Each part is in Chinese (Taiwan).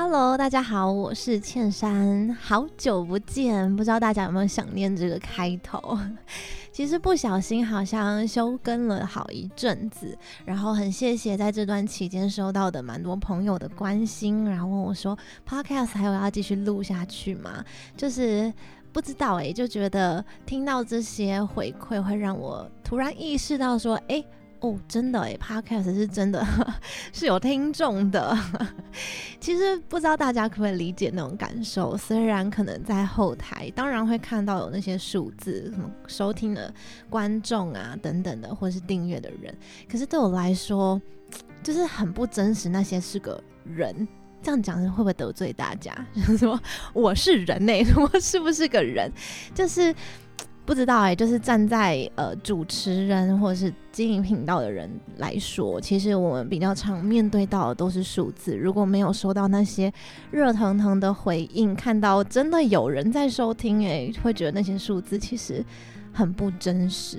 Hello，大家好，我是茜珊，好久不見，不知道大家有沒有想念這個開頭？其實不小心好像休更了好一陣子，然後很謝謝在這段期間收到的蠻多朋友的關心，然後問我說，Podcast 還有要繼續錄下去嗎？就是不知道誒、欸，就覺得聽到這些回饋，會讓我突然意識到說，誒、欸……」哦，真的哎，Podcast 是真的 是有聽眾的。 其實不知道大家可不可以理解那種感受，雖然可能在後台，當然會看到有那些數字，什麼、嗯、收聽的觀眾啊等等的，或是訂閱的人。可是對我來說，就是很不真實。那些是個人，這樣講會不會得罪大家？就是說我是人呢？我是不是個人？就是。不知道誒、欸，就是站在呃主持人或者是經營頻道的人來說，其實我們比較常面對到的都是數字。如果沒有收到那些熱騰騰的回應，看到真的有人在收聽、欸，誒，會覺得那些數字其實很不真實。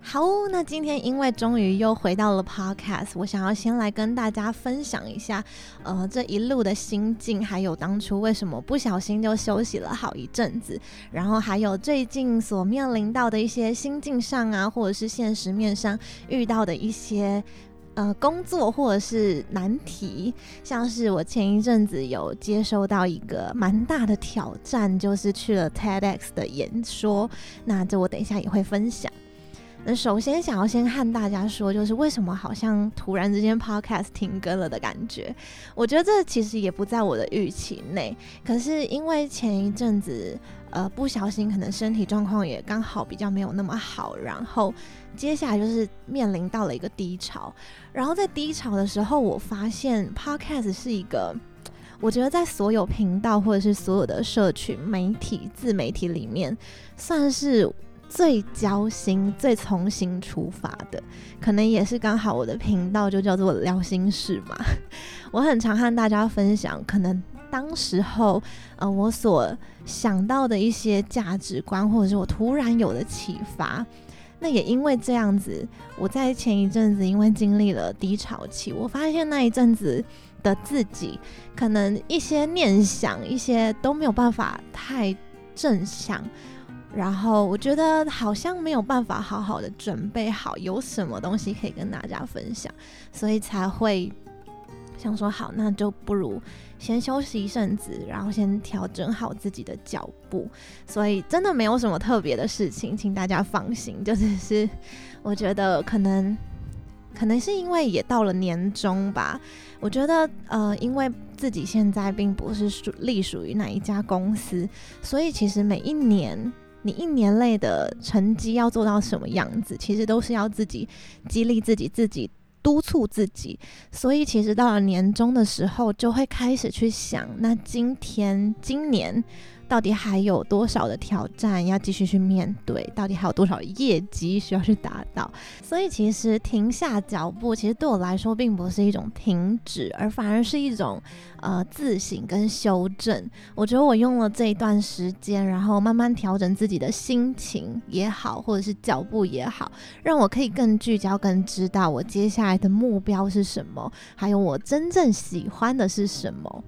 好，那今天因為終於又回到了 Podcast，我想要先來跟大家分享一下，呃，這一路的心境，還有當初為什麼不小心就休息了好一陣子，然後還有最近所面臨到的一些心境上啊，或者是現實面上遇到的一些呃工作或者是難題，像是我前一陣子有接收到一個蠻大的挑戰，就是去了 TEDx 的演說，那這我等一下也會分享。首先想要先和大家說，就是為什麼好像突然之間 Podcast 停更了的感覺。我覺得這其實也不在我的預期內，可是因為前一陣子呃不小心，可能身體狀況也剛好比較沒有那麼好，然後接下來就是面臨到了一個低潮，然後在低潮的時候，我發現 Podcast 是一個，我覺得在所有頻道或者是所有的社群媒體自媒體裡面，算是。最交心、最從心出發的，可能也是剛好我的頻道就叫做聊心室嘛。我很常和大家分享，可能當時候，呃，我所想到的一些價值觀，或者是我突然有的啟發。那也因為這樣子，我在前一陣子因為經歷了低潮期，我發現那一陣子的自己，可能一些念想，一些都沒有辦法太正向。然後我覺得好像沒有辦法好好的準備好有什麼東西可以跟大家分享，所以才會想說，好，那就不如先休息一陣子，然後先調整好自己的腳步。所以真的沒有什麼特別的事情，請大家放心。就只是我覺得可能可能是因為也到了年終吧，我覺得呃，因為自己現在並不是屬隸屬於哪一家公司，所以其實每一年。你一年內的成績要做到什麼樣子？其實都是要自己激勵自己、自己督促自己。所以，其實到了年終的時候，就會開始去想：那今天、今年。到底還有多少的挑戰要繼續去面對？到底還有多少業績需要去達到？所以其實停下腳步，其實對我來說並不是一種停止，而反而是一種呃自省跟修正。我覺得我用了這一段時間，然後慢慢調整自己的心情也好，或者是腳步也好，讓我可以更聚焦，更知道我接下來的目標是什麼，還有我真正喜歡的是什麼。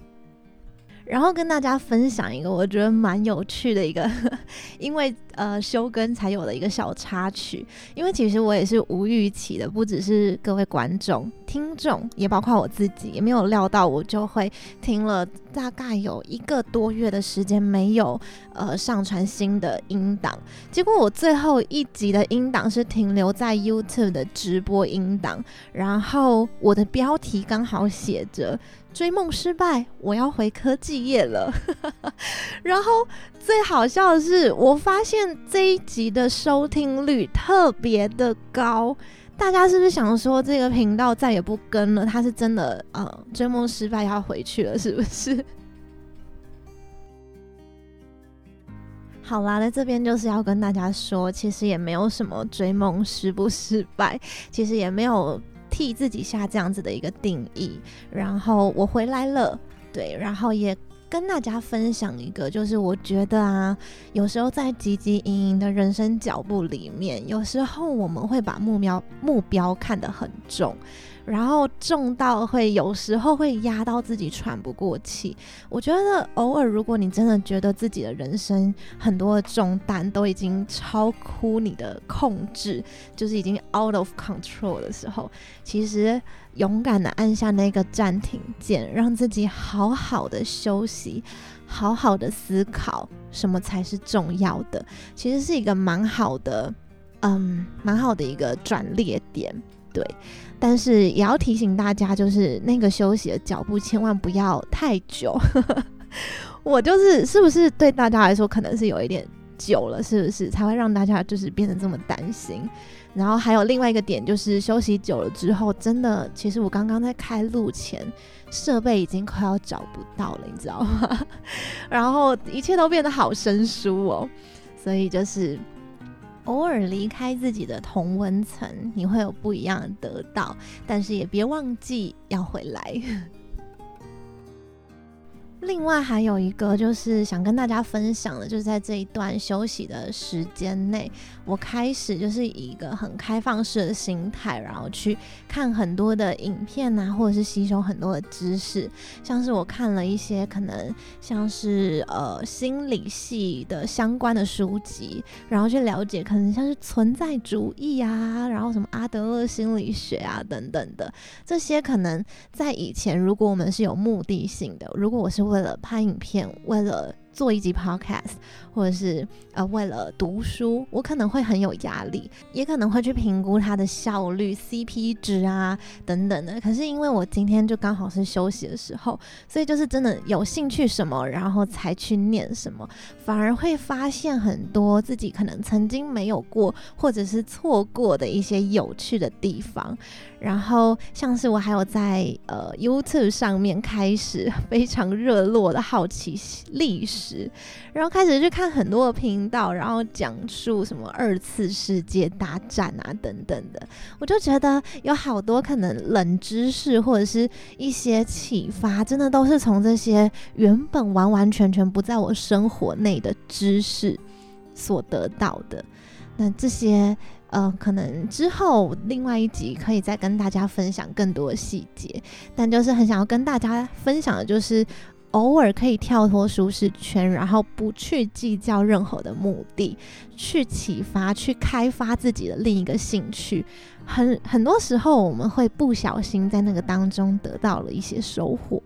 然後跟大家分享一個我覺得蠻有趣的一個，呵呵因為呃休更才有的一個小插曲。因為其實我也是無預期的，不只是各位觀眾、聽眾，也包括我自己，也沒有料到我就會停了大概有一個多月的時間沒有呃上傳新的音檔。結果我最後一集的音檔是停留在 YouTube 的直播音檔，然後我的標題剛好寫着。追夢失敗，我要回科技業了。 然後最好笑的是，我發現這一集的收聽率特別的高。大家是不是想說這個頻道再也不更了？他是真的，啊、呃，追夢失敗要回去了，是不是？好啦，那這邊就是要跟大家說，其實也沒有什麼追夢失不失敗，其實也沒有。替自己下這樣子的一個定義，然後我回來了，對，然後也跟大家分享一個，就是我覺得啊，有時候在汲汲營營的人生腳步裡面，有時候我們會把目標目標看得很重。然後重到會有時候會壓到自己喘不過氣，我覺得偶爾如果你真的覺得自己的人生很多的重擔都已經超乎你的控制，就是已經 out of control 的時候，其實勇敢的按下那個暫停鍵，讓自己好好的休息，好好的思考什麼才是重要的，其實是一個蠻好的，嗯，蠻好的一個轉捩點。對，但是也要提醒大家，就是那個休息的腳步千萬不要太久。 我就是是不是對大家來說可能是有一點久了，是不是才會讓大家就是變得這麼擔心？然後還有另外一個點就是休息久了之後，真的，其實我剛剛在開錄前，設備已經快要找不到了，你知道嗎？ 然後一切都變得好生疏哦，所以就是。偶爾離開自己的同溫層，你會有不一樣的得到，但是也別忘記要回來。另外還有一個就是想跟大家分享的，就是在這一段休息的時間內，我開始就是以一個很開放式的心態，然後去看很多的影片啊，或者是吸收很多的知識，像是我看了一些可能像是呃心理系的相關的書籍，然後去了解可能像是存在主義啊，然後什麼阿德勒心理學啊等等的這些，可能在以前如果我們是有目的性的，如果我是。為了拍影片，為了，做一集 Podcast，或者是呃為了讀書，我可能會很有壓力，也可能會去評估它的效率、CP 值啊等等的。可是因為我今天就剛好是休息的時候，所以就是真的有興趣什麼，然後才去念什麼，反而會發現很多自己可能曾經沒有過或者是錯過的一些有趣的地方。然後像是我還有在呃 YouTube 上面開始非常熱絡的好奇歷史。時，然後開始去看很多的頻道，然後講述什麼二次世界大戰啊等等的，我就覺得有好多可能冷知識或者是一些啟發，真的都是從這些原本完完全全不在我生活內的知識所得到的。那這些呃，可能之後另外一集可以再跟大家分享更多的細節，但就是很想要跟大家分享的就是。偶爾可以跳脫舒適圈，然後不去計較任何的目的，去啟發、去開發自己的另一個興趣。很很多時候，我們會不小心在那個當中得到了一些收穫。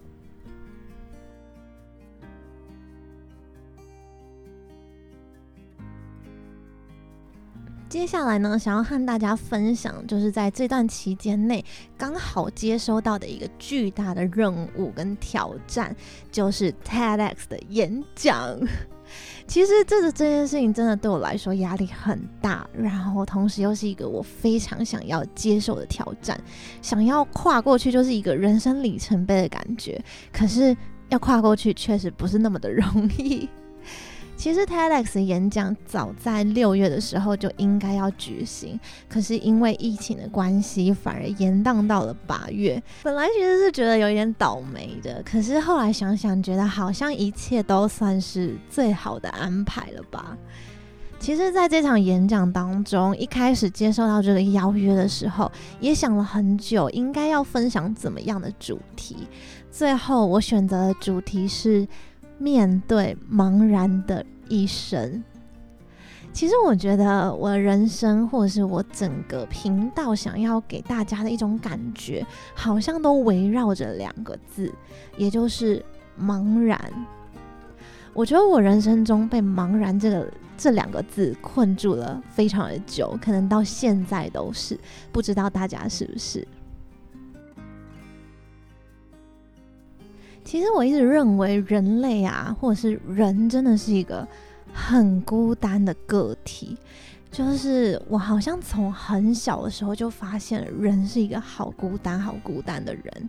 接下來呢，想要和大家分享，就是在這段期間內剛好接收到的一個巨大的任務跟挑戰，就是 TEDx 的演講。其實這個這件事情真的對我來說壓力很大，然後同時又是一個我非常想要接受的挑戰，想要跨過去就是一個人生里程碑的感覺。可是要跨過去確實不是那麼的容易。其實 TEDx 演講早在六月的時候就應該要舉行，可是因為疫情的關係，反而延宕到了八月。本來其實是覺得有點倒霉的，可是後來想想，覺得好像一切都算是最好的安排了吧。其實，在這場演講當中，一開始接受到這個邀約的時候，也想了很久，應該要分享怎麼樣的主題。最後，我選擇的主題是。面對茫然的一生，其實我覺得我的人生或者是我整個頻道想要給大家的一種感覺，好像都圍繞着兩個字，也就是茫然。我覺得我人生中被“茫然”這個這兩個字困住了非常的久，可能到現在都是，不知道大家是不是？其實我一直認為，人類啊，或者是人，真的是一個很孤單的個體。就是我好像從很小的時候就發現了，人是一個好孤單、好孤單的人。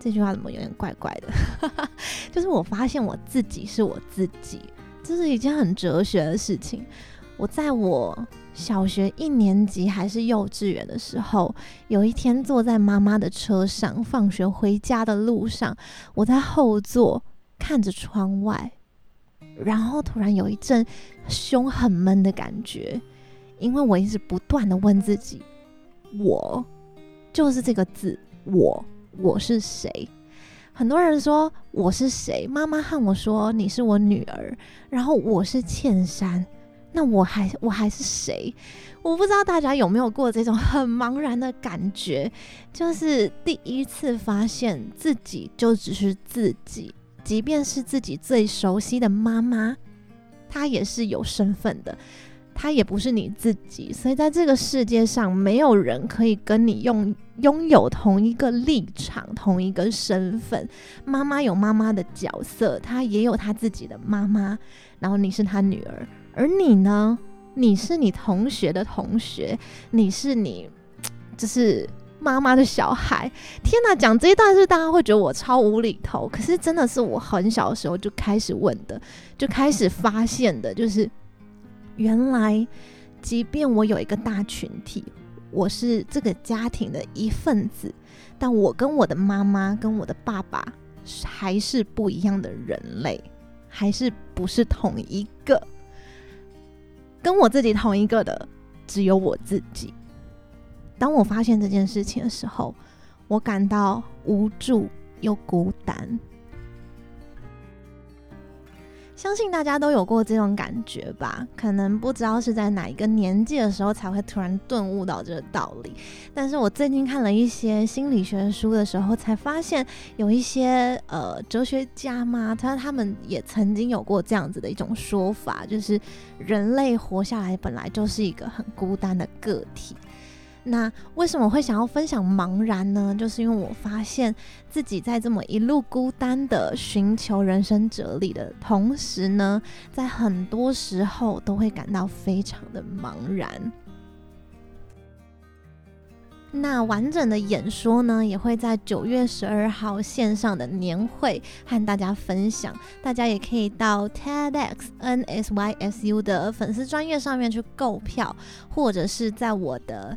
這句話怎麼有點怪怪的？ 就是我發現我自己是我自己，這、就是一件很哲學的事情。我在我。小學一年級還是幼稚園的時候，有一天坐在媽媽的車上，放學回家的路上，我在後座看着窗外，然後突然有一陣胸很悶的感覺，因為我一直不斷的問自己，我就是這個字，我我是誰？很多人說我是誰？媽媽和我說你是我女兒，然後我是茜珊。那我還我還是誰？我不知道大家有沒有過這種很茫然的感覺，就是第一次發現自己就只是自己，即便是自己最熟悉的媽媽，她也是有身份的，她也不是你自己。所以在這個世界上，沒有人可以跟你用擁有同一個立場、同一個身份。媽媽有媽媽的角色，她也有她自己的媽媽，然後你是她女兒。而你呢？你是你同學的同學，你是你，就是媽媽的小孩。天哪、啊，講這一段是大家會覺得我超無厘頭，可是真的是我很小的時候就開始問的，就開始發現的，就是原來，即便我有一個大群體，我是這個家庭的一份子，但我跟我的媽媽跟我的爸爸還是不一樣的人類，還是不是同一個。跟我自己同一個的，只有我自己。當我發現這件事情的時候，我感到無助又孤單。相信大家都有過這種感覺吧？可能不知道是在哪一個年紀的時候才會突然頓悟到這個道理。但是我最近看了一些心理學書的時候，才發現有一些呃哲學家嘛，他他們也曾經有過這樣子的一種說法，就是人類活下來本來就是一個很孤單的個體。那為什麼會想要分享茫然呢？就是因為我發現自己在這麼一路孤單的尋求人生哲理的同時呢，在很多時候都會感到非常的茫然。那完整的演說呢，也會在九月十二號線上的年會和大家分享。大家也可以到 TEDxNSYSU 的粉絲專頁上面去購票，或者是在我的。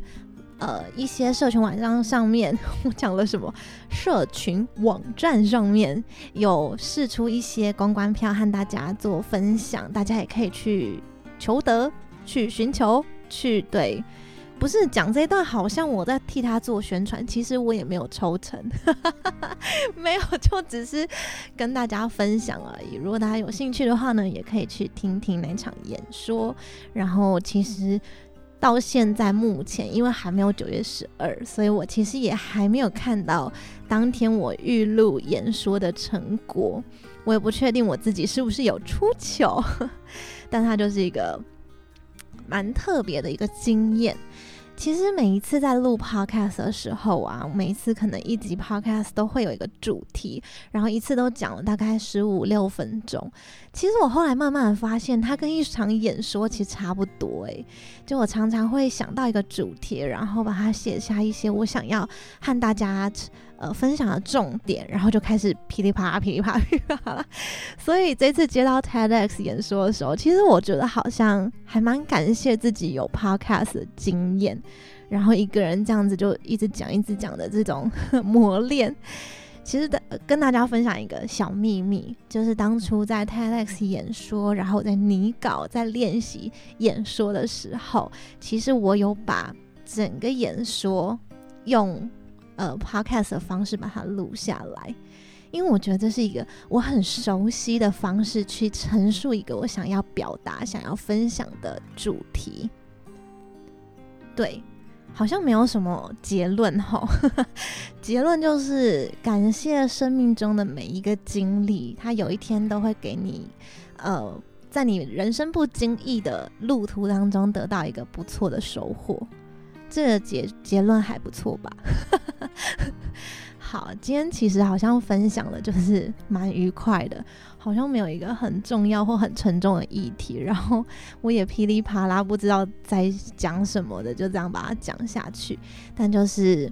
呃，一些社群網站上面，我講了什麼？社群網站上面有釋出一些公關票，和大家做分享，大家也可以去求得，去尋求，去對，不是講這一段，好像我在替他做宣傳，其實我也沒有抽成， 沒有，就只是跟大家分享而已。如果大家有興趣的話呢，也可以去聽聽那場演說，然後其實。到現在目前，因為還沒有九月十二，所以我其實也還沒有看到當天我預錄演說的成果。我也不確定我自己是不是有出糗，但它就是一個蠻特別的一個經驗。其實每一次在錄 podcast 的時候啊，每一次可能一集 podcast 都會有一個主題，然後一次都講了大概十五六分鐘。其實我後來慢慢的發現，它跟一場演說其實差不多，欸，誒，就我常常會想到一個主題，然後把它寫下一些我想要和大家，呃，分享的重點，然後就開始噼里啪啦、噼里啪啦、噼里啪啦。所以這次接到 TEDx 演說的時候，其實我覺得好像還蠻感謝自己有 podcast 的經驗，然後一個人這樣子就一直講、一直講的這種磨練。其實、呃、跟大家分享一個小秘密，就是當初在 TEDx 演說，然後在擬稿、在練習演說的時候，其實我有把整個演說用。呃，podcast 的方式把它錄下來，因為我覺得這是一個我很熟悉的方式去陳述一個我想要表達、想要分享的主題。對，好像沒有什麼結論齁， 結論就是感謝生命中的每一個經歷，它有一天都會給你，呃，在你人生不經意的路途當中得到一個不錯的收穫。這個結結論還不錯吧？ 好，今天其實好像分享的就是蠻愉快的，好像沒有一個很重要或很沉重的議題，然後我也噼里啪啦不知道在講什麼的，就這樣把它講下去。但就是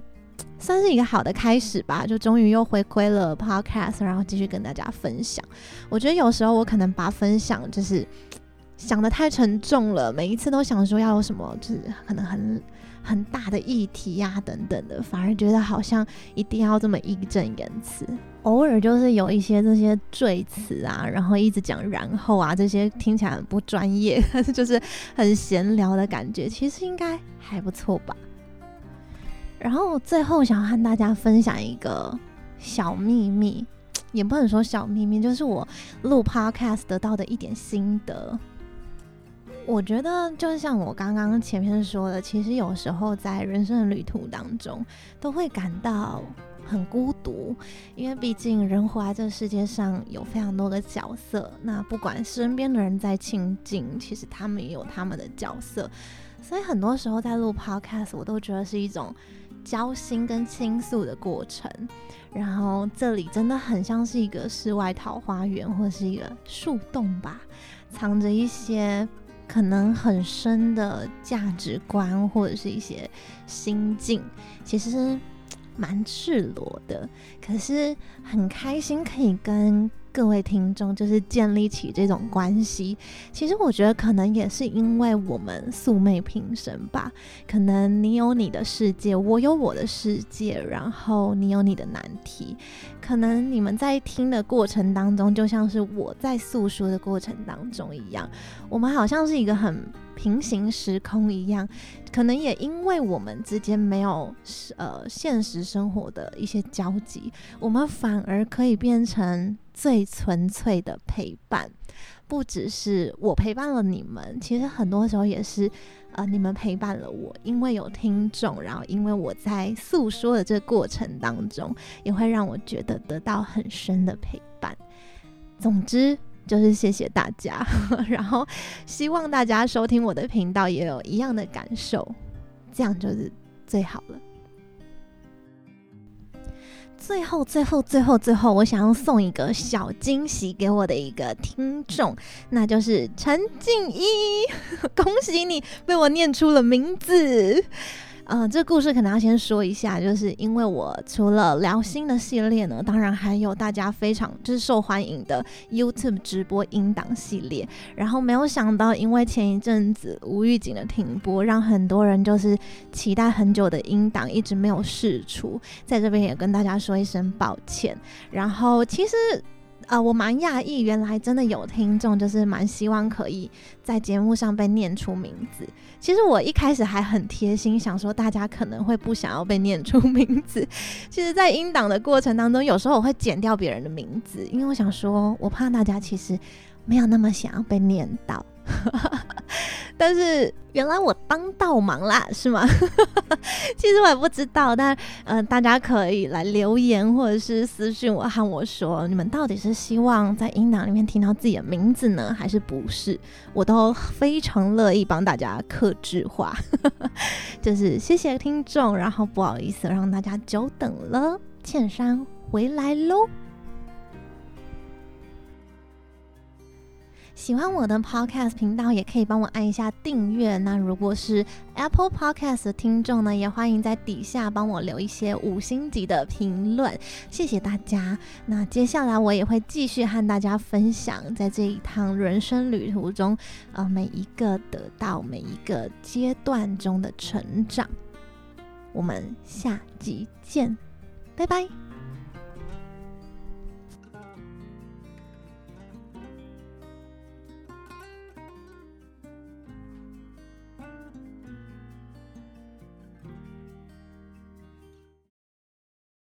算是一個好的開始吧，就終於又回歸了 Podcast，然後繼續跟大家分享。我覺得有時候我可能把分享就是、呃、想得太沉重了，每一次都想說要有什麼就是可能很。很大的議題呀、啊，等等的，反而覺得好像一定要這麼義正言辭。偶爾就是有一些這些贅詞啊，然後一直講然後啊，這些聽起來很不專業，呵呵，就是很閒聊的感覺，其實應該還不錯吧。然後最後想和大家分享一個小秘密，也不能說小秘密，就是我錄 podcast 得到的一點心得。我覺得就像我剛剛前面說的，其實有時候在人生的旅途當中，都會感到很孤獨，因為畢竟人活在這個世界上有非常多的角色。那不管身邊的人再親近，其實他們也有他們的角色。所以很多時候在錄 Podcast，我都覺得是一種交心跟傾訴的過程。然後這裡真的很像是一個世外桃花源，或者是一個樹洞吧，藏着一些。可能很深的價值觀，或者是一些心境，其實是蠻赤裸的。可是很開心可以跟各位聽眾就是建立起這種關係。其實我覺得可能也是因為我們素昧平生吧。可能你有你的世界，我有我的世界，然後你有你的難題。可能你們在聽的過程當中，就像是我在訴說的過程當中一樣，我們好像是一個很平行時空一樣。可能也因為我們之間沒有，呃，現實生活的一些交集。我們反而可以變成最純粹的陪伴，不只是我陪伴了你們，其實很多時候也是，呃，你們陪伴了我。因為有聽眾，然後因為我在訴說的這個過程當中，也會讓我覺得得到很深的陪伴。總之，就是謝謝大家，呵呵，然後希望大家收聽我的頻道也有一樣的感受，這樣就是最好了。最後，最後，最後，最後，我想要送一個小驚喜給我的一個聽眾，那就是陳靜一， 恭喜你被我念出了名字。嗯、呃，這個故事可能要先說一下，就是因為我除了聊心的系列呢，當然還有大家非常就是受歡迎的 YouTube 直播音檔系列。然後沒有想到，因為前一陣子無預警的停播，讓很多人就是期待很久的音檔一直沒有釋出，在這邊也跟大家說一聲抱歉。然後其實。啊、呃，我蠻訝異，原來真的有聽眾，就是蠻希望可以在節目上被念出名字。其實我一開始還很貼心，想說大家可能會不想要被念出名字。其實，在音檔的過程當中，有時候我會剪掉別人的名字，因為我想說，我怕大家其實沒有那麼想要被念到。 但是原來我幫倒忙啦，是嗎？ 其實我也不知道，但呃，大家可以來留言或者是私信我，和我說你們到底是希望在音檔裡面聽到自己的名字呢，還是不是？我都非常樂意幫大家客製化。 就是謝謝聽眾，然後不好意思讓大家久等了，茜珊回來嘍。喜歡我的 Podcast 頻道，也可以幫我按一下訂閱。那如果是 Apple Podcast 的聽眾呢，也歡迎在底下幫我留一些五星級的評論。謝謝大家。那接下來我也會繼續和大家分享，在這一趟人生旅途中，呃，每一個得到，每一個階段中的成長。我們下集見，拜拜。